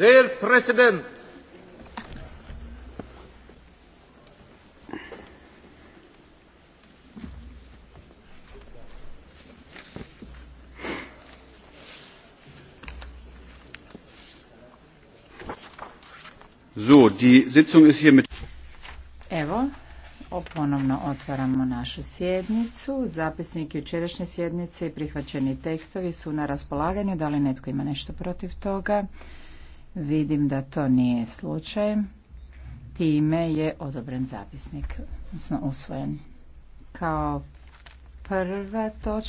Dear President. So, die Sitzung ist hier Evo, ponovno otvaramo našu sjednicu. Zapisnik jučerašnje sjednice i prihvaćeni tekstovi su na raspolaganju. Da li netko ima nešto protiv toga? Vidim da to nije slučaj. Time je odobren zapisnik, odnosno usvojen. Kao prva točka